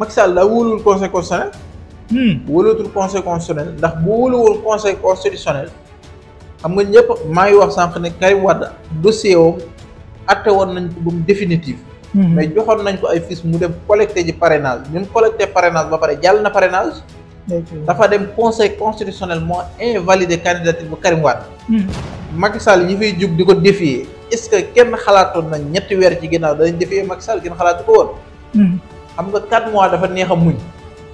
Macky Sall daa wóoluwul conseil constitutionnel. Hmm. wóolootul conseil constitutionnel ndax bu wóoluwul conseil constitutionnel xam nga ñëpp maa ngi wax sànq ne Karim Wade dossier woom atte woon nañ ko ba mu définitif. Hmm. mais joxoon nañ ko ay fiches mu dem collecté ji parrainage ñu collecté parrainage ba pare jàll na parrainage. dafa dem conseil constitutionnel moo invalidé candidature bu Karim Wade. Hmm. Macky Sall ñi fiy jug di ko défier est-ce que kenn xalaatoon nañ ñetti weer ci ginnaaw danañ défier Macky Sall kenn xalaatu ko am nga 4 mois dafa neex a muñ.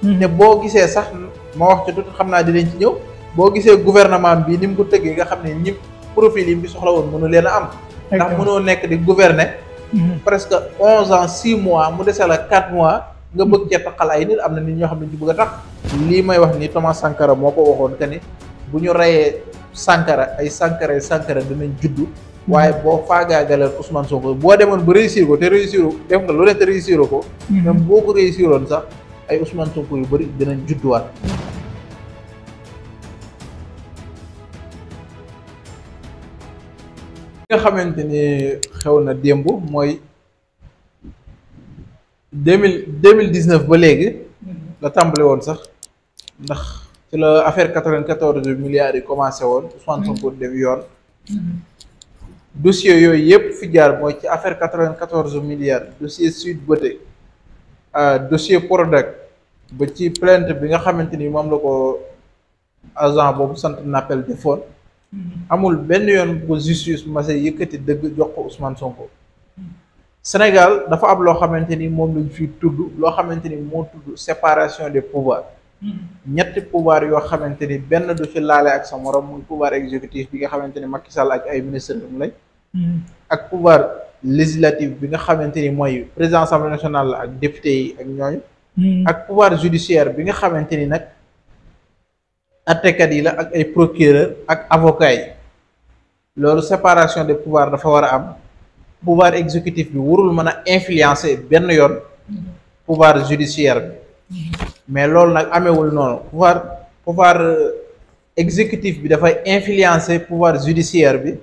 Hmm. te boo gisee sax ma wax ci tuuti xam naa dinañ ci ñëw boo gisee gouvernement bi ni mu ko tëggee nga xam ne ñi profil yi mu soxla woon mënu leen a am. ndax mënoo nekk di gouverner. Hmm. presque 11 ans 6 mois mu dese la 4 mois nga bëgg cee taxal ay nit am na nit ñoo xam ne ñu bëgg a tax. lii may wax ni Thomas Sankara moo ko waxoon que ni bu ñu reyee Sankara ay Sankara ay Sankara dinañ juddu. waaye boo faagaagalee Ousmane Sonko boo demoon ba réussir ko te réussir def nga lu ne te réussir ko. Mm-hmm. même boo ko réussiroon sax ay Ousmane Sonko yu bëri dinañ judduwaat. li nga xamante ni xew na démb mooy deux mille deux mille dix neuf ba léegi. Mm-hmm. la tàmbali sax ndax. ci la affaire 94 milliards yi commencé woon Ousmane Sonko mm-hmm. dem yoon mm-hmm. dossier yooyu yëpp fi jaar mooy ci affaire 94 milliards dossier Sweet Beauté euh, dossier Prodac ba ci plainte bi nga xamante ni moom la ko agent boobu sant Nappel defoon mm-hmm. amul benn yoon bu ko justice mase yëkkati dëgg jox ko Ousmane Sonko Sénégal dafa am loo xamante ni moom lañ fi tudd loo xamante ni moo tudd séparation des pouvoirs ñett pouvoir yoo xamante ni benn du ci laale ak sa morom muy pouvoir exécutif bi nga xamante ni Macky Sall ak ay ministres am lañ ak pouvoir législatif bi nga xamante ni mooy président assemblée nationale la ak député yi ak ñooñu ak pouvoir judiciaire bi nga xamante ni nag attekat yi la ak ay procureur ak avocat yi loolu séparation des pouvoirs dafa war a am pouvoir exécutif bi warul mën a influencer benn yoon pouvoir judiciaire bi mais loolu nag amewul noonu pouvoir pouvoir euh, executif bi dafay influencer pouvoir judiciaire bi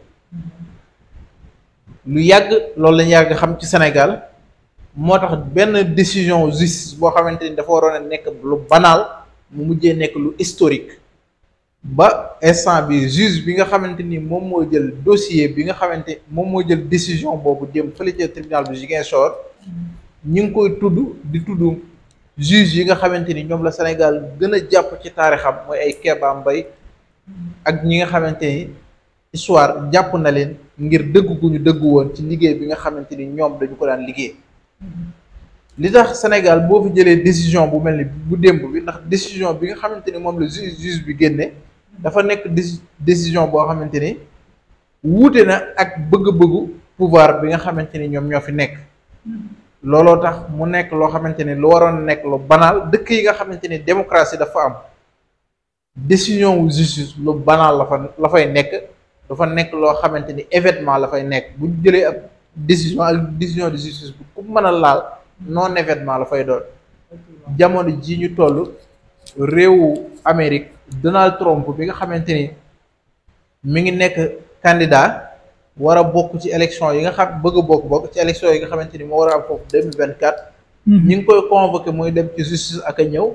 lu yàgg loolu lañu yàgg xam ci Sénégal moo tax benn décision justice boo xamante ni dafa waroon a nekk lu banal mu mujjee nekk lu historique ba instant bi juge bi nga xamante ni moom moo jël dossier bi nga xamante moom moo jël décision boobu jëm fële ca tribunal bu Ziguinchor ñu ngi koy tudd di tudd juge yi nga xamante ni ñoom la Sénégal gën a jàpp ci taarixam mooy ay Kéba Mbaye ak ñi nga xamante ni histoire jàpp na leen ngir dëgg gu ñu dëgg woon ci liggéey bi nga xamante ni ñoom dañu ko daan liggéey li tax Sénégal boo jëlee décision bu mel ni bu démb bi ndax décision bi nga xamante ni moom la juge juge bi génne dafa nekk décision boo xamante ni wuute na ak bëgg-bëggu pouvoir bi nga xamante ni ñoom ñoo fi nekk. looloo tax mu nekk loo xamante ni lu waroon nekk lu banaal dëkk yi nga xamante ni démocratie dafa am décision wu justice lu banal la fa la fay nekk dafa nekk loo xamante ni événement la fay nekk bu jëlee ab décision ak de justice bu ku mën a laal non événement la fay doon jamono ji ñu toll réewu Amérique Donald Trump bi nga xamante ni mu ngi nekk candidat war a bokk ci élection yi nga xam bëgg a bokk bokk ci élection yi nga xamante ni moo war a am foofu deux mille vingt quatre mhm. ñi ngi koy convoqué muy dem ci justice ak a ñëw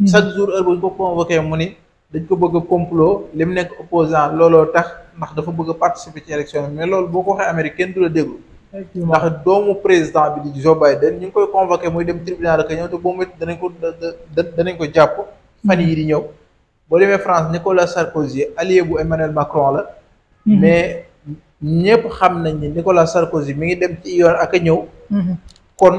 mhm. chaque jour heure bu ñu ko convoqué mu ni dañ ko bëgg complot li mu nekk opposant looloo tax ndax dafa bëgg a participer ci élection yi mais loolu boo ko waxee Amérique kenn du la déglu ndax doomu président bi di Joe Biden ñu ngi koy convoqué muy dem tribunal ak a ñëw te boo mét danañ ko danañ ko jàpp di ñëw boo demee France Nicolas Sarkozy allié bu Emmanuel Macron la mhm. mais ñëpp xam nañ ni Nicolas Sarkozy mi ngi dem ci yoon ak ñëw. Mhm. kon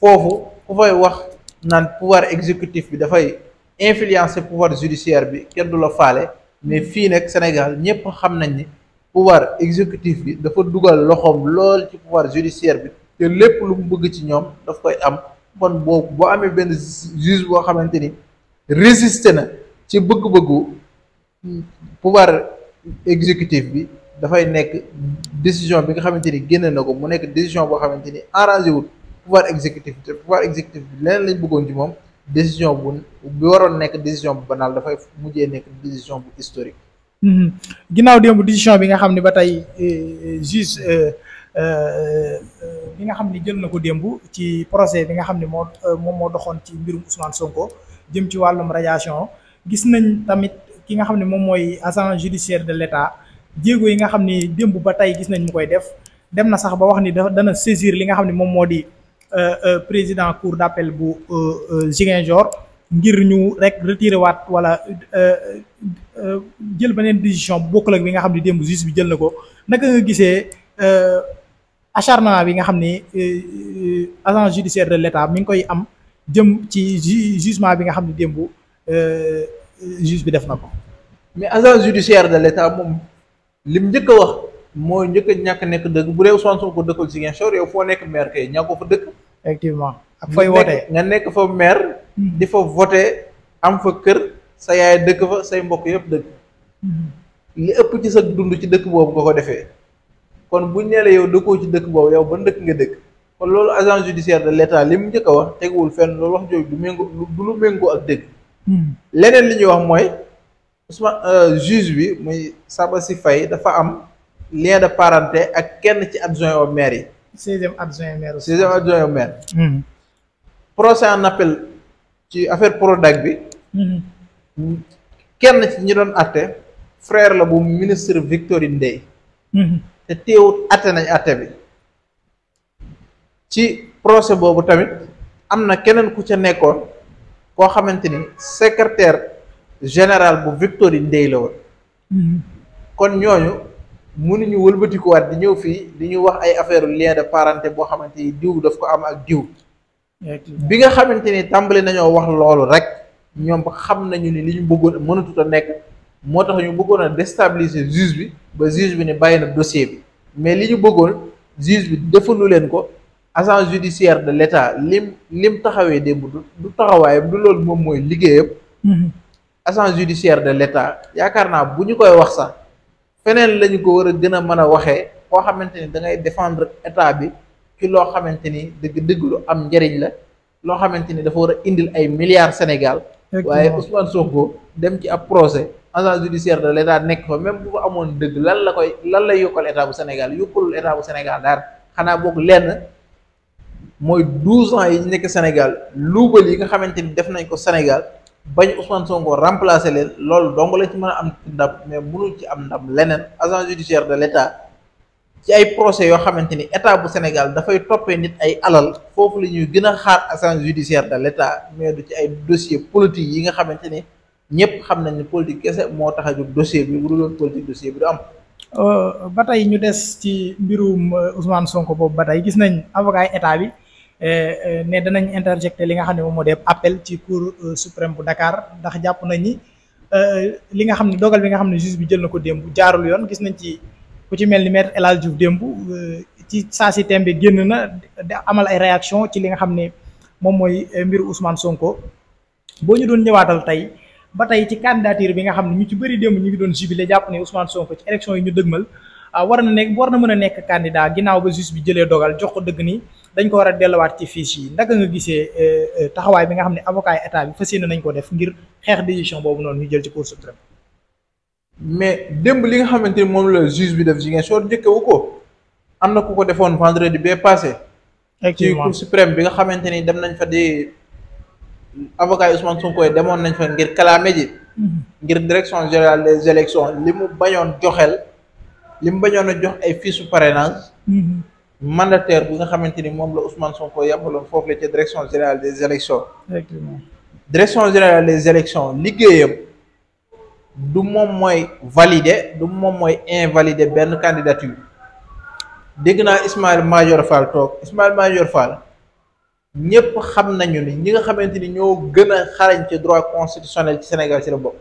foofu ku fay wax naan pouvoir exécutif bi dafay influencer pouvoir judiciaire bi kenn du la faale mais fii nag Sénégal ñëpp xam nañ ni pouvoir exécutif bi dafa dugal loxoom lool ci pouvoir judiciaire bi te lépp lu mu bëgg ci ñoom daf koy am kon boobu boo amee benn juge boo xamante ni résister na ci bëgg-bëggu pouvoir exécutif bi. dafay nekk décision bi nga xamante ni génne na ko mu nekk décision boo xamante ni arrangé wul pouvoir exécutif te pouvoir exécutif bi leneen lañ bëggoon ci moom décision bu bi waroon nekk décision bu banal dafay mujjee nekk décision bu historique. Mhm. ginnaaw démb décision bi nga xam ne ba tey eh, eh, juge eh, bi nga xam ne jël na ko démb ci procès bi nga xam ne moo moom moo doxoon ci mbirum Ousmane Sonko jëm ci wàllum radiation gis nañ tamit ki nga xam ne moom mooy agent judiciaire de l'État jéego yi nga xam ni démb ba tey gis nañ mu koy def dem na sax ba wax ni dana saisir li nga xam ne moom moo di euh, euh, président cour d'appel bu euh, Ziguinchor ngir ñu rek retiré waat wala jël beneen décision bu bokkul ak bi nga xam ne démb justice bi jël na ko naka nga gisee acharnement bi nga xam ni agent judiciaire de l'État mi ngi koy am jëm ci jugement bi nga xam ne démb juge bi def na ko mais agent judiciaire de l'État moom lim njëkk a wax mooy njëkk ñàkk nekk dëgg bu dee Ousmane Sonko dëkkul Ziguinchor yow foo nekk maire kay ñaa ko fa dëkk. effectivement ak fay wootee nga nekk fa maire. Hmm. di fa voté am fa kër sa yaay dëkk fa say mbokk yëpp dëkk. Hmm. li ëpp ci sa dund ci dëkk boobu nga ko defee. kon buñ nee la yow dëkkoo ci dëkk boobu yow ban dëkk nga dëkk. kon loolu agent judiciaire de l' état li mu njëkk a wax teguwul fenn loolu wax jooju du méngoo lu méngoo ak dëgg. Hmm. leneen li ñuy wax mooy. Ousmane euh, juge bi muy si fay dafa am lien de parenté ak kenn ci adjoint au maire yi. seizième adjoint au maire. seizième adjoint au maire. procès en appel ci affaire Prodac bi. Hmm. kenn ci ñi doon àtte frère la bu ministre Victorine Ndeye. Hmm. te teewut àtte nañ àtte bi. ci procès boobu tamit am na keneen ku ca nekkoon koo xamante ni secrétaire. général bu Victorine Dey la woon. Hmm. kon ñooñu mënuñu wëlbatikuwaat di ñëw fii di ñu wax ay affaire lien de boo xamante ni diw daf ko am ak diw. bi nga xamante ni tàmbali nañoo wax loolu rek ñoom xam nañu ni li ñu bëggoon mënatut a nekk moo tax ñu bëggoon a déstabiliser juge bi ba juge bi ne bàyyi na dossier bi mais li ñu bëggoon juge bi defalu leen ko. agent judiciaire de l'État lim lim taxawee démb du taxawaayam du loolu moom mooy liggéeyam. Hmm. agent judiciaire de l'État yaakaar naa bu ñu koy wax sax feneen lañu ko war a gën a mën a waxee koo xamante ni dangay ngay état bi ci loo xamante ni dëgg-dëgg lu am njariñ la loo xamante ni dafa war a indil ay milliards Sénégal waaye Ousmane Sonko dem ci ab procès agent judiciaire de l'État nekk fa même bu amoon dëgg lan la koy lan la yokkal état bu Sénégal yokkalul état bu Sénégal daal xanaa boog lenn mooy douze ans yi ñu nekk Sénégal luubal yi nga xamante ni def nañ ko Sénégal bañ Ousmane Sonko remplacer leen loolu dong la ci mën a am ndam mais mënul ci am ndam leneen agent judiciaire de l'État ci ay procès yoo xamante ni état bu Sénégal dafay toppee nit ay alal foofu la ñuy gën a xaar agent judiciaire de l'État mais du ci ay dossier politique yi nga xamante ni ñëpp xam nañ ne politique kese moo tax a jóg dossier bi bu dul woon politique dossier bi du am. Euh, ba tey ñu des ci mbirum euh, Ousmane Sonko boobu ba tey gis nañ avocat état bi. Eh, eh, ne danañ interjecté li nga xam ne moom moo dee appel ci cour euh, suprême bu Dakar ndax jàpp nañ ni euh, li nga xam ne dogal bi nga xam ne juge bi jël ko démb jaarul yoon gis nañ ci ku ci mel ni maître El Hadj Diouf euh, ci saa si tembe génn na amal ay réaction ci li nga ne moom mooy mbiru Ousmane Sonko boo ñu doon ñëwaatal tey ba tey ci candidature bi nga xam ne ñu ci bëri démb ñu ngi doon jubilé jàpp ne Ousmane Sonko ci élection yi ñu dëgmal ah, war na nekk war na mën a nekk candidat ginnaaw ba juge bi jëlee dogal jox ko dëgg ni dañ ko war a delluwaat ci fiche yi naka nga gisee euh, euh, taxawaay bi nga xam ne avocat yi état bi fas yéene nañ ko def ngir xeex décision boobu noonu ñu jël ci cour suprême mais démb li nga xamante ni moom la juge bi def Ziguinchor njëkkewu ko am na ku ko defoon vendredi bee passé ci cour suprême bi nga xamante ni dem nañ fa di avocat yi Ousmane Sonko demoon nañ fa ngir kalaame ji mm-hmm. ngir direction général des élections li mu bañoon joxel li mu bañoon a jox ay fiches parrainage mm-hmm. mandataire bi nga xamante ni moom la Ousmane Sonko yàbbaloon foofu la ca direction générale des élections effectivement direction générale des élections liggéeyam du moom mooy valider du moom mooy invalider benn candidature dégg naa Ismaïla Madior Fall toog Ismaïla Madior Fall ñëpp xam nañu ni ñi nga xamante ni ñoo gën a xarañ ci droit constitutionnel ci Sénégal ci la bopp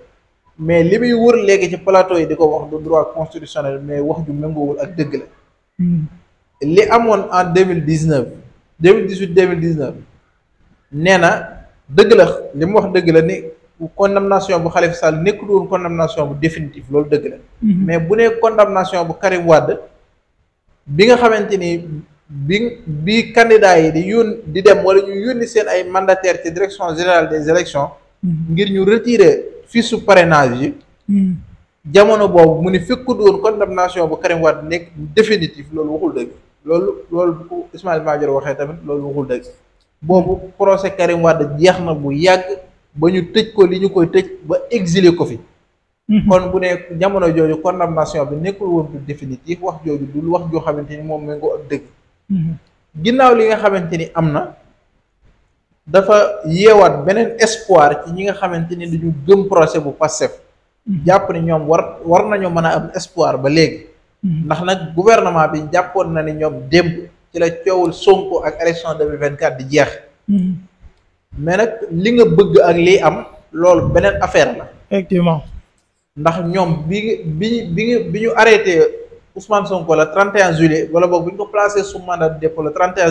mais li muy wër léegi ci plateau yi di ko wax du droit constitutionnel mais wax ju méngoowul ak dëgg la hmm. li amoon en deux mille dix neuf deux mille dix huit neuf nee na dëgg la li mu wax dëgg la ni condamnation bu Khalifa Sall nekkul woon condamnation bu définitive loolu dëgg la. Mhm. mais bu nee condamnation bu Karim Wade bi nga xamante ni bi bi candidat yi di yoon di dem wala ñu yónni seen ay mandataire ci direction générale des élections mhm. ngir ñu retirer fiche su parrainage yi. Mhm. jamono boobu mu ni fekkut woon condamnation bu Karim Wade nekk définitive loolu waxul dëgg. loolu loolu bu ko Ismaïla waxee tamit loolu waxul dëgg boobu procès Karim Wade jeex na bu yàgg ba ñu tëj ko li ñu koy tëj ba exilé ko fi. Mhm. kon bu ne jamono jooju condamnation bi nekkul woon du définitif wax jooju dul wax joo xamante ni moom méngoo ak dëgg. Mhm. ginnaaw li nga xamante ni am na. dafa yeewaat beneen espoir ci ñi nga xamante ni dañu gëm procès bu Pastef mhm. jàpp ni ñoom war war nañoo mën a am espoir ba léegi Mhm. ndax nag gouvernement bi jàppoon na ni ñoom démb ci la coowul Sonko ak de élection 2024 di jeex. Mhm. mais nag li nga bëgg ak lii am loolu beneen affaire la. effectivement. ndax ñoom bi bi bi bi ñu arrêté Ousmane Sonko le 31 juillet wala boog bi ñu ko placé sous mandat de dépôt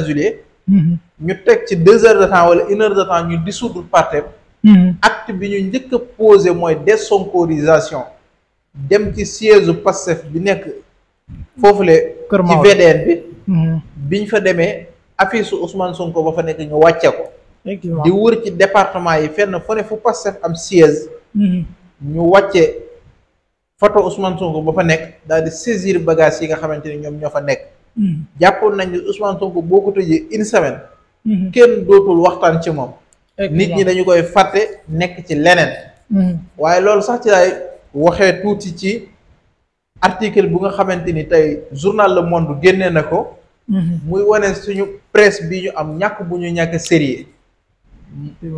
juillet. Mhm. ñu teg ci deux heures de temps wala une heure de temps ñu dissoudre parti acte bi ñu njëkk a mooy des désonkorisation dem ci siège u Pastef bi nekk. foofule. kër ci VDN bi. Mm-hmm. biñ fa demee affiche su Ousmane ba fa nekk ñu wàcce ko. di wër ci département yi fenn fu ne fu Pastef am siège. Mm-hmm. ñu wàcce photo Ousmane Sonko ba fa nekk daal di saisir bagage yi nga xamante ni ñoom ñoo fa nekk. Mm-hmm. jàppoon nañ ne Ousmane Sonko boo ko tëjee une semaine. kenn dootul waxtaan ci moom. nit ñi dañu koy fàtte nekk ci leneen. waaye loolu sax ci laay waxee tuuti ci. article bu nga xamante ni tey journal Le Monde génnee na ko. Mhm. muy wane suñu presse bi ñu am ñàkk bu ñu ñàkk sérieux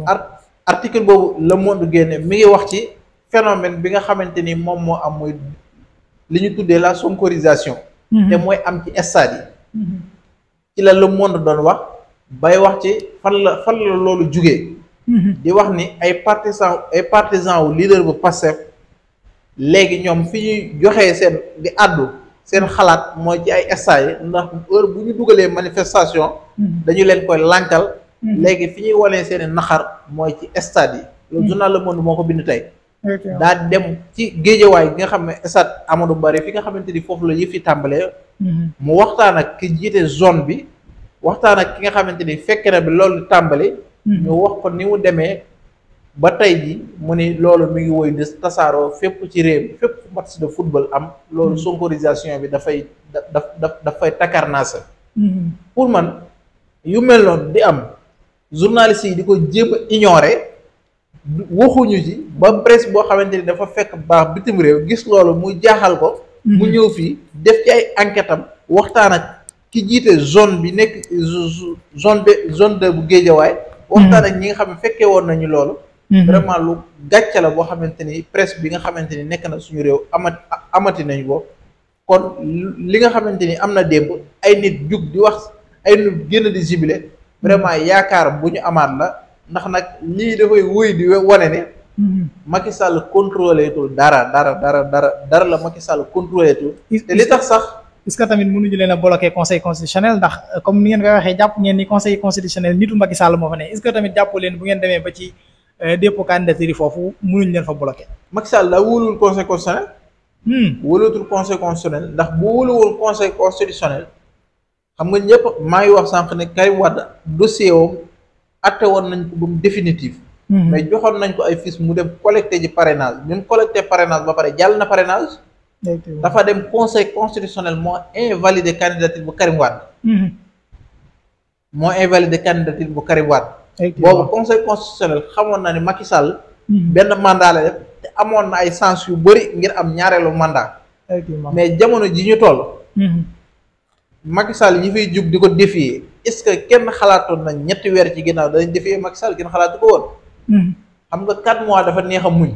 ar article boobu Le Monde génne mi ngi wax ci phénomène bi nga xamante ni moom moo am muy li ñu tuddee la sonkorisation. Mhm. te mooy am ci stade yi. Mhm. ci la Le Monde doon wax bay wax ci fan la fan la loolu jugee. di wax ni ay partisans ay partisans wu leader bu Pastef. léegi ñoom fi ñuy joxee seen di àddu seen xalaat mooy ci ay essai ndax heure bu ñu dugalee manifestation hmm. dañu leen koy lànkal hmm. léegi fi ñuy wanee seen i naxar mooy ci stade yi loolu hmm. journal Le moo ko bind tey daa dem ci géejawaay gi nga xam ne stade Amadou Barry fi nga xamante ni foofu la yëf yi tàmbalee mu waxtaan ak ki jiite zone bi waxtaan ak ki nga xamante ni fekk na bi loolu tàmbali ñu wax ko ni mu demee ba tey ji mu ni loolu mi ngi woy des tasaaroo fépp ci réew mi fépp match de football am loolu mm-hmm. sonkorisation bi dafay da da dafay takarnaasa mm-hmm. pour man yu mel noonu di am journaliste yi di ko jéem a ignorer waxuñu ci ba presse boo xamante ni dafa fekk baax bitim réew gis loolu mu jaaxal ko mu mm-hmm. ñëw fii def ci ay enquête am waxtaan ak ki jiite zone bi nekk zone b zone de bu géejawaay waxtaan ak ñi nga xam ne fekkee woon nañu loolu Mhm. vraiment lu gàcce la boo xamante ni presse bi nga xamante ni nekk na suñu réew amat amati nañ ko kon li nga xamante ni am na démb ay nit jug di wax ay nit génn di jibile vraiment yaakaar bu ñu amaat la ndax nag lii dafay wéy di wane ne mhm. Macky Sall contrôlé tul dara dara dara dara la Macky Sall contrôlé tul te li tax sax est-ce que tamit mënuñu leen a bloqué conseil constitutionnel ndax comme ni ngeen koy waxee jàpp ngeen ni conseil constitutionnel Euh, dépôt candidature yi foofu mu ñu leen fa bloqué. Macky Sall daa wóoluwul conseil constitutionnel. Hmm. wóoluwatul conseil constitutionnel ndax bu wóoluwul conseil constitutionnel xam nga ñëpp maa ngi wax sànq ne Karim Wade dossier woom atte woon nañ ko ba mu définitive. Hmm. mais joxoon nañ ko ay fiches mu dem collecté ji parrainage bi mu collecté parrainage ba pare jàll na parrainage. dafa dem conseil constitutionnel moo invalidé candidature bu Karim Wade. Hmm. moo invalidé candidature bu Karim boobu conseil constitutionnel xamoon naa ni Macky Sall mhm. benn mandat la def te amoon na ay sens yu bëri ngir am ñaareelu mandat mais jamono ji ñu toll mhm. Macky Sall ñi fiy jug di ko défier est-ce que kenn xalaatoon na ñetti weer ci ginnaaw danañ défier Macky Sall kenn xalaatu ko woon mhm. xam nga quatre mois dafa neex a muñ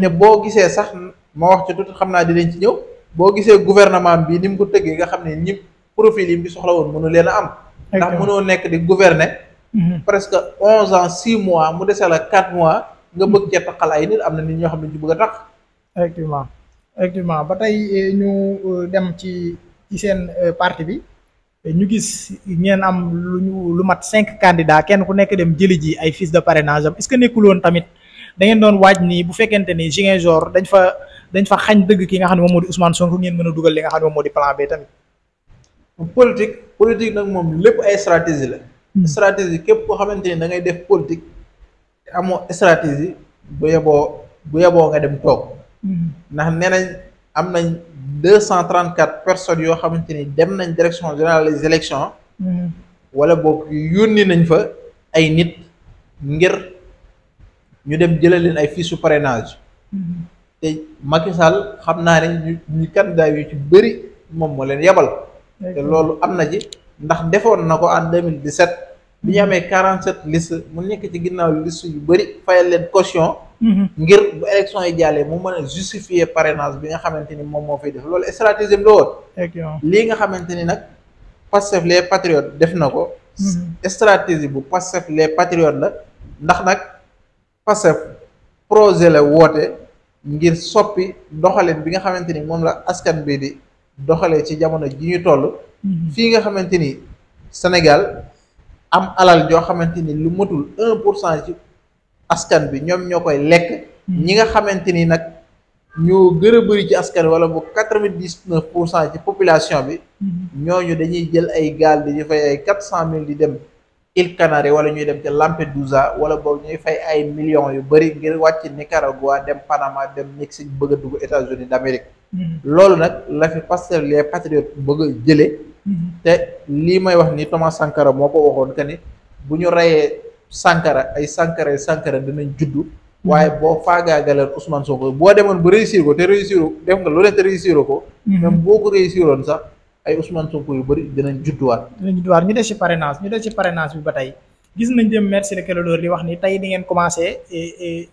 te boo gisee sax ma wax ci tuuti xam naa di dinañ ci ñëw boo gisee gouvernement bi ni mu ko tëggee nga xam ne ñi profil yi bi soxla woon mënu leen a am ndax mënoo nekk di gouverner Mm-hmm. presque onze ans six mois mu desee la quatre mois nga bëgg cee taxal ay nit am na nit ñoo xam ne ñu bëgg a tax effectivement effectivement ba tey eh, ñu euh, dem ci ci seen euh, parti bi ñu gis ngeen am lu ñu lu mat cinq candidats kenn ku nekk dem jëli ji ay fiches de parrainage am est-ce que nekkul woon tamit da ngeen doon waaj ni bu fekkente ni Ziguinchor dañ fa dañ fa xañ dëgg ki nga xam ne moom moo di Ousmane Sonko ngeen mën a dugal li nga xam ne moom moo di plan B tamit. politique nag moom lépp ay stratégie la. Mm. stratégie képp koo xamante ni da ngay def politique te amoo stratégie bu yeboo bu yeboo nga dem toog mm. ndax nee am nañ deux cent trente quatre personnes yoo xamante ni dem nañ direction générale des élections mm. wala boog yónni nañ fa ay nit ngir ñu dem jëlal leen ay fiches parenage te Macky xam naa ne ñu ñu candidat yu ci bëri moom moo leen yebal te loolu am na ci ndax defoon na ko en 2017 bi ñu amee 47 liste mu nekk ci ginnaaw liste yu bëri fayal leen caution. Mhm. ngir bu élection yi jàllee mu mën a justifier parrainage bi nga xamante ni moom moo fay def loolu stratégie la woon. lii nga xamante ni nag Pastef les patriotes def na ko. Mhm. stratégie bu Pastef les patriotes la ndax nag Pastef projet la woote ngir soppi doxalin bi nga xamante ni moom la askan bi di doxalee ci jamono ji ñu toll. Mhm. fii nga xamante ni Sénégal am alal joo xamante ni lu matul un pour cent ci askan bi ñoom ñoo koy lekk mhm. ñi nga xamante ni nag ñoo gën a bëri ci askan wala bu quatre vingt pour cent ci population bi mhm. ñooñu dañuy jël ay gaal dañuy fay ay quatre cent mille di dem Îles Canaries wala ñuy dem ca Lampedusa wala boobu ñuy fay ay millions yu bëri ngir wàcc Nicaragua dem Panama dem Mexique bëgg a dugg États-Unis d'Amérique loolu nag la fi Pastef les patriotes bëgg a te lii may wax ni Thomas Sankara moo ko waxoon que ni bu ñu reyee Sankara ay Sankara ay Sankara dinañ juddu. Mm-hmm. waaye boo faagaagaleen Ousmane Sonko boo demoon ba réussir ko te réussir def nga lu ne te réussir ko. Mm-hmm. même boo ko réussiroon sax ay Ousmane Sonko yu bëri dinañ judduwaat. dinañ judduwaat ñu des ci parrainage ñu des ci parrainage bi ba tey gis nañ dem merci le Kelodor li wax ni tey di ngeen commencé. Eh, eh,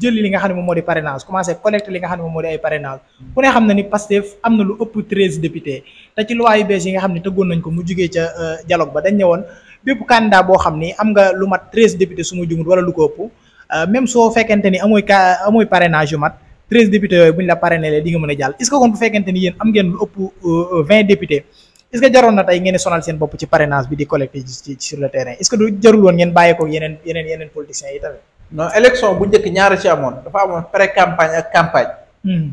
jëli li nga xam ne moo di parrainage commencé collecte li nga xam ne moo di ay parrainage ku ne xam na ni Pastef am na lu ëpp treize députés te ci loi yu bees yi nga xam ne tëggoon nañ ko mu jugee ca euh, dialogue ba dañ ne woon bépp candidat boo xam ni am nga lu mat treize députés su ma jumut wala lu ko ëpp euh, même soo fekkente ni amooy ka amooy parrainage yu mat treize députés yooyu la parrainé di nga a jàll est ce fekkente ni yéen am ngeen lu ëpp euh, vingt députés est non élection bu njëkk ñaari ci amoon dafa amoon pré campagne ak campagne. Hmm.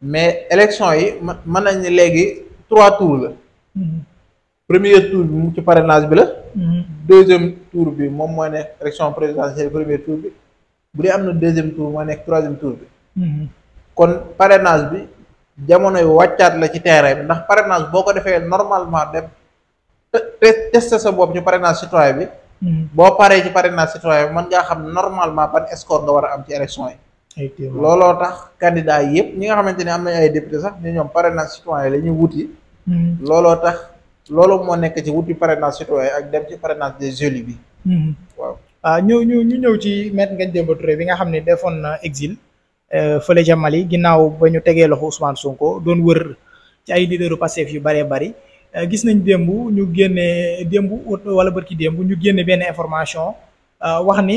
mais élection yi mën nañ ne léegi trois tours la. Hmm. premier tour bi mu ci parrainage bi la. Hmm. deuxième tour bi moom mooy nekk élection présidentielle premier tour bi bu dee am na deuxième tour mooy nekk troisième tour bi. kon parrainage bi jamono yu wàccaat la ci terrain bi ndax parrainage boo ko defee normalement dem te testé sa bopp ci parrainage citoyen bi. Mm-hmm. boo paree ci parrainage citoyen bi man ngaa xam normalement ban score nga war a am ci élection yi looloo tax candidat yëpp ñi nga xamante ne am nañu ay député sax ñu ñoom parrainage citoyen la ñuy wuti mm-hmm. looloo tax looloo moo nekk ci wuti parrainage citoyen ak dem ci parrainage des élus bi mm-hmm. waaw waaw ah, ñu ñu ñu ñëw ci Maître Ngagne Demba bi nga xam ne defoon na exil euh, fële ca Mali ginnaaw ba ñu tegee loxo Ousmane Sonko doon wër ci ay leaderu Pastef yu bare bari Euh, gis nañ démb ñu génnee démb wala bërki démb ñu génne benn information euh, wax ni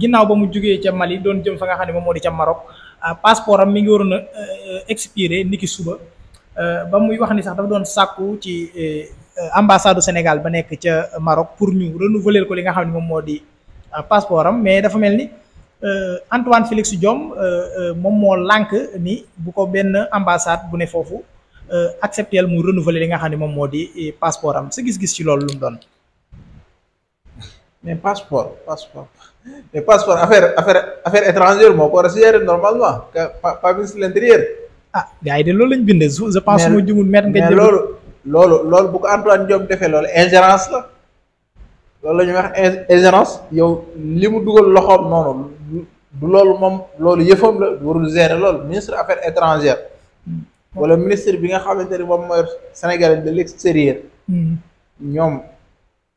ginnaaw ba mu jógee ca Mali doon jëm fa nga xam ne moom moo di ca Maroc euh, passeport am mi ngi waroon a expiré niki suba ba muy wax ni sax dafa doon sàkku ci ambassade du Sénégal ba nekk ca Maroc pour ñu renouveler ko li nga xam ne moom moo di passeport am mais dafa mel ni Antoine Félix Diome moom moo lànk ni bu ko benn ambassade bu ne foofu Euh, acceptel mu renouveler li nga xam ne moom moo di eh, passeport am sa gis-gis ci loolu lu mu doon. mais passeport passeport mais affaire affaire affaire étrangère moo ko war a gérer normalement pas ministre de l'intérieur. ah gars yi de loolu lañ bind je moo jumul met nga jël loolu loolu loolu bu ko Antoine Diome defee loolu ingérence la loolu la ñuy wax ingérence yow li mu dugal loxoom noonu du loolu moom loolu yëfam la warul gérer loolu wala ministre bi nga xamante ne moom mooy Sénégal de l'extérieur hmm. ñoom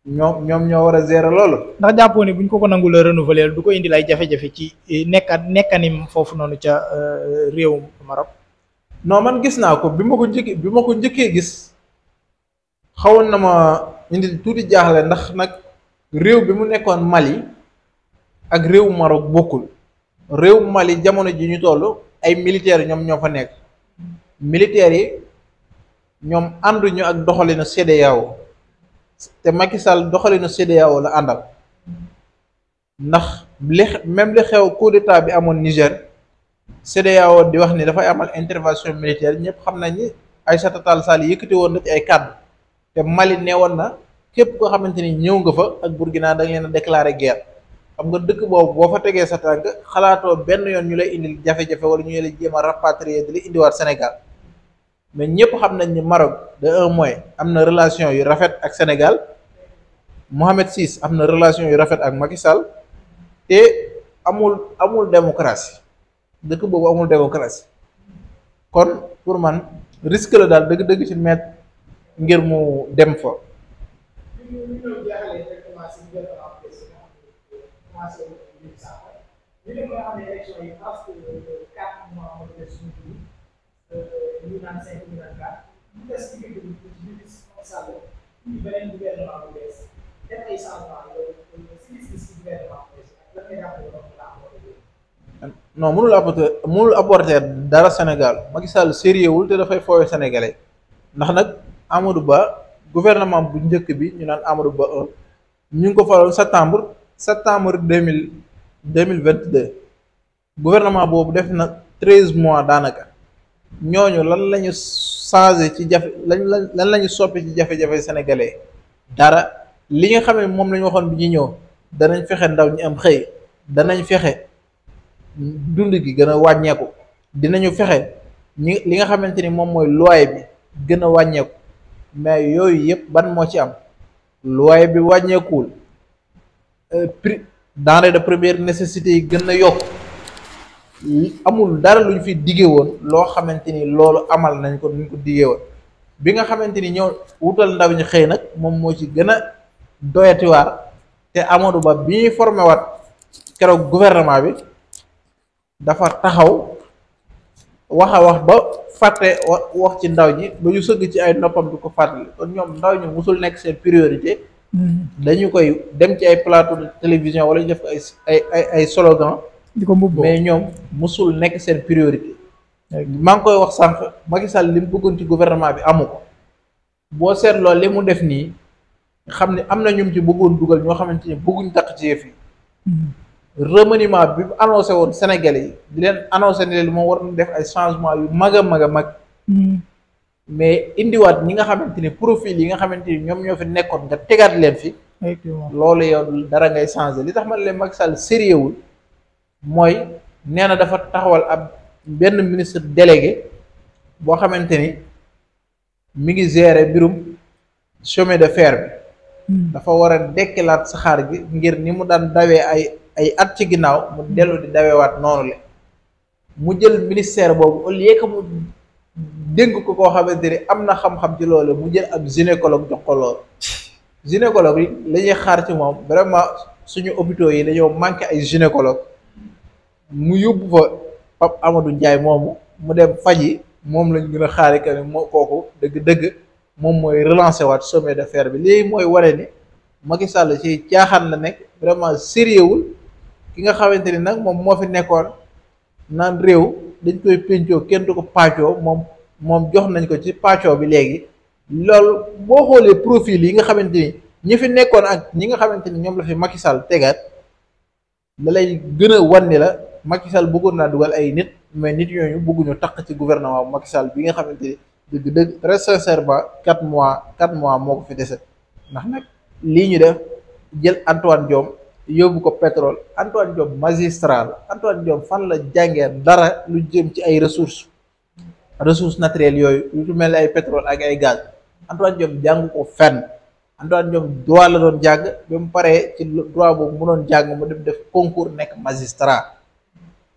ñoom ñoom ñoo war a gérer loolu ndax jàppoo bu ñu ko ko nangu la renouveler du ko indil ay jafe-jafe ci eh, nekka foofu noonu ca eh, réewum Maroc non man gis naa ko bi ma ko njëkkee bi ma ko njëkkee gis xawoon na ma indil tuuti jaaxle ndax nag réew bi mu nekkoon Mali ak réewu Maroc bokkul réewu Mali jamono ji ñu toll ay militaires ñoom ñoo fa nekk militaires yi ñoom ànduñu ak doxalinu CEDEAO te Macky Sall doxalinu CEDEAO la àndal ndax li même li xew coup bi amoon Niger CEDEAO di wax ni dafay amal intervention militaire ñëpp xam nañ ni Aïssata Tall Sall yëkkati woon na ci ay kàddu te Mali nee woon na képp koo xamante ni ñëw nga fa ak Burkina da nga leen a déclaré guerre xam nga dëkk boobu boo fa tegee sa tànk xalaatoo benn yoon ñu lay indi jafe-jafe wala ñu lay jéem a rapatrier di la indiwaat Sénégal. mais ñëpp xam nañ ni Maroc de un mois am na relation yu rafet ak Sénégal Mohamed VI am na relation yu rafet ak Macky Sall te amul amul démocratie dëkk boobu amul démocratie kon pour man risque la daal dëgg-dëgg ci mettre ngir mu dem fa. ñu naan cinq ñu naan quatre Sall indi mënul apporter dara Sénégal Macky sérieux wul te dafay foowe sénégalais ndax nag amaru Ba gouvernement bu njëkk bi ñu naan amaru Ba ñu ngi ko faloon septembre septembre deux mille deux mille vingt deux gouvernement boobu def na treize mois daanaka. ñooñu lan lañu changé ci jafe lan lan lañu soppi ci jafe-jafe sénégalais dara li nga xam moom lañu waxoon bi ñu ñëw danañ fexe ndaw ñu am xëy danañ fexe dund gi gën a wàññeeku dinañu fexe ñi li nga xamante ni moom mooy loyer bi gën a wàññeeku mais yooyu yëpp ban moo ci am loyer bi wàññeekuwul euh, prix denrée de première nécessité yi gën a yokk amul dara luñ fi diggee woon loo xamante ni loolu amal nañ ko nuñ ko diggee woon bi nga xamante ni ñëw wutal ndaw ñi xëy nag moom moo ci gën a doyatiwaar te Amadou Ba bi ñuy formé waat keroog gouvernement bi dafa taxaw wax a wax ba fàtte wax ci ndaw ñi ba ñu sëgg ci ay noppam du ko fàttali kon ñoom ndaw ñi musul nekk seen priorité mm-hmm. dañu koy dem ci ay plateau de télévision wala ñu def ay ay ay slogan di ko mbubboo mais ñoom mosul nekk seen priorité. maa ngi koy wax sànq Macky Sall li mu bëggoon ci gouvernement bi amu ko boo seetloo li mu def nii xam ne am na ñum ci bëggoon dugal ñoo xamante ni bëgguñ taq ci yëf yi. Hmm. remeniment bi mu annoncé woon Sénégalais yi di leen annoncé ne leen moom war na def ay changement yu mag a mag a mag. Hmm. mais indiwaat ñi nga xamante ni profil yi nga xamante ni ñoom ñoo fi nekkoon nga tegaat leen fi. loolu yow dara ngay changé li tax man leen Macky Sall sérieux wul mooy nee na dafa taxawal ab benn ministre délégué boo xamante ni mi ngi gérer birum chemin de fer bi hmm. dafa war a dekkilaat saxaar bi ngir ni mu daan dawee ay ay at ci ginnaaw mu dellu di dawewaat noonu le mu jël ministère boobu au lieu que mu dénk ko koo xamante ni am na xam-xam ci loolu mu jël ab gynécologue jox ko loolu gynécologue yi la xaar ci moom vraiment suñu hôpitaux yi dañoo manqué ay gynécologue mu yóbbu ko Pape Amadou njaay moomu mu dem faj yi moom lañ gën a xaare que moo kooku dëgg-dëgg moom mooy relancer waat de d'affaires bi léegi mooy waree ni Macky Sall ci caaxaan la nekk vraiment sérieux wul ki nga xamante ni nag moom moo fi nekkoon naan réew dañ koy pencoo kenn du ko paajoo moom moom jox nañ ko ci paccoo bi léegi loolu boo xoolee profil yi nga xamante ni ñi fi nekkoon ak ñi nga xamante ni ñoom la fi Macky Sall tegaat la lay gën a wan la Macky Sall bëggoon naa dugal ay nit mais nit ñooñu bëgguñu takk ci gouvernement Macky Sall bi nga xamante dëgg dëgg-dëgg très sincèrement quatre mois quatre mois moo ko fi dese ndax nag lii ñu def jël Antoine Diome yóbbu ko pétrole Antoine Diome magistrat la Antoine Diome fan la jàngee dara lu jëm ci ay ressources ressources naturelles yooyu lu mel ni ay pétrole ak ay gaz Antoine Diome jàng ko fenn Antoine Diome droit la doon jàng ba mu paree ci droit mu doon jàng mu dem def concours nekk magistrat.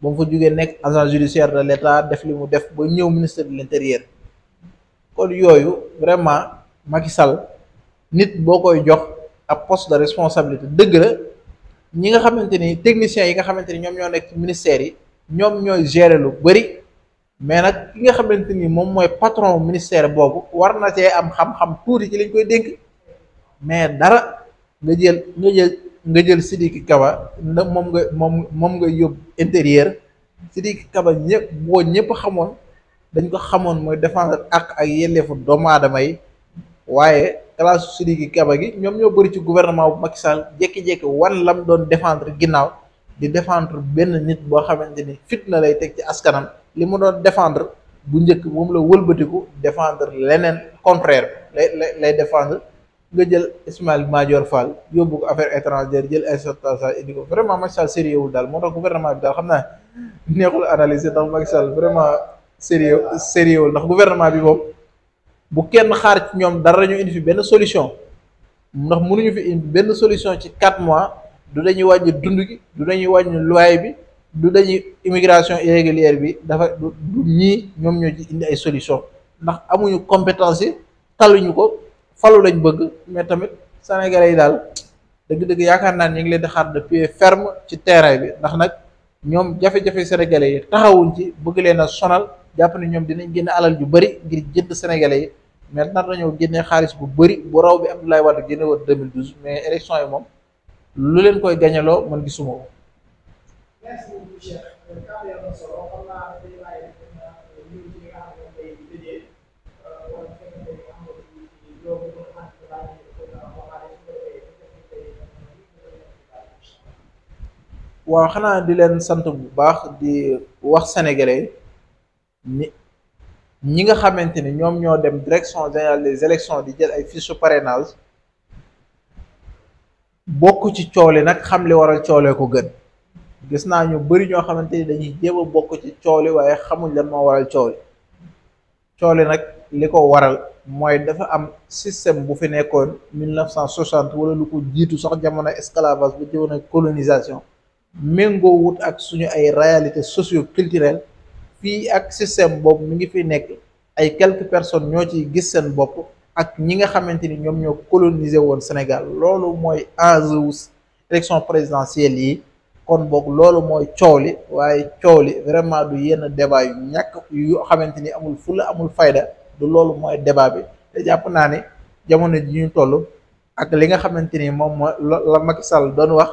ba mu fa jógee nekk agent judiciaire de l'État def li mu def ba ñëw ministre de l'intérieur kon yooyu vraiment Macky Sall nit boo koy jox ab poste de responsabilité dëgg la ñi nga xamante ni techniciens yi nga xamante ni ñoom ñoo nekk ministères yi ñoom ñooy gérer lu bari mais nag ki nga xamante ni moom mooy patron ministère boobu war na cee am xam-xam tuuti ci liñ koy dénk mais dara nga jël nga jël. nga jël Sidiki Kaba ndax moom nga moom moom nga yóbbu intérieur Sidiki Kaba ñëpp boo ñëpp xamoon dañ ko xamoon mooy défendre ak ak yelleefu doomu aadama yi waaye classe Sidiki Kaba gi ñoom ñoo bëri ci gouvernement bu Macky Sall jékki wan lam doon defendre ginnaaw di défendre benn nit boo xamante ni fitna lay teg ci askanam li mu doon défendre bu njëkk moom la wëlbatiku défendre leneen contraire lay lay lay nga jël Ismaël Madior Fall yóbbu ko affaire étrangère jël Aïssata Tall Sall indi ko vraiment Macky Sall sérieux wul daal moo tax gouvernement bi daal xam naa neexul analyser ndax Macky Sall vraiment sérieux sérieux wul ndax gouvernement bi moom bu kenn xaar ci ñoom dara ñu indi fi benn solution ndax mënuñu fi indi benn solution ci quatre mois du dañuy wàññi dund gi du dañuy wàññi loyer bi du dañuy immigration irrégulière bi dafa du ñii ñoom ñoo ci indi ay solution ndax amuñu compétence yi taluñu ko falu lañ bëgg mais tamit sénégalais yi daal dëgg-dëgg yaakaar naa ñu ngi leen di xaar de pied ferme ci terrain bi ndax nag ñoom jafe-jafe sénégalais yi taxawuñ ci bëgg leen a sonal jàpp ne ñoom dinañ génne alal yu bari ngir jënd sénégalais yi mais nar nañoo génnee xaalis bu bari bu raw bi Abdoulaye Wade génne woon 2012 mais élection yi moom lu leen koy gañaloo man gisuma ko. waaw xanaa di leen sant bu baax di wax sénégalais ni ñi nga xamante ni ñoom ñoo dem direction générale des élections di jël ay fiches parrainage bokk ci coole nag xam li waral coole ko gën gis naa ñu bari ñoo xamante ni dañuy jéem a bokk ci coole waaye xamuñ lan moo waral coole coole nag li ko waral mooy dafa am système bu fi nekkoon 1960 wala lu ko jiitu sax jamono esclavage ba jamono colonisation. méngoo wut ak suñu ay réalité socio culturelle fii ak système boobu mi ngi fi nekk ay quelques personnes ñoo ci gis seen bopp ak ñi nga xamante ni ñoom ñoo coloniser woon Sénégal loolu mooy enjeu wu élection présidentielle yi kon boog loolu mooy coow li waaye coow li vraiment du yenn débat yu ñàkk yu xamante ni amul fulla amul fayda du loolu mooy débat bi te jàpp naa ne jamono ji ñu toll ak li nga xamante ni moom mooy la mag Sall doon wax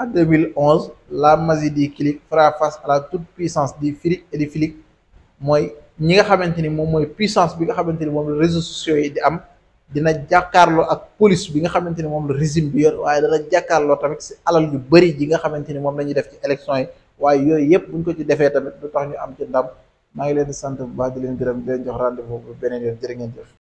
En 2011 la Mazidi-Kilic fera face à la toute puissance du FIRIC et du mooy ñi nga xamante ni moom mooy puissance bi nga xamante ni moom la réseaux sociaux yi di am dina ak police bi nga xamante ni moom la régime bi yor waaye dana jàkkaarloo tamit si alal yu bëri ji nga xamante ni moom la ñuy def ci élection yi waaye yooyu yëpp buñ ko ci defee tamit du tax ñu am ci ndam maa ngi leen di sant bu baax di leen gërëm di leen jox rendez-vous bu beneen yoon jërë ngeen jëf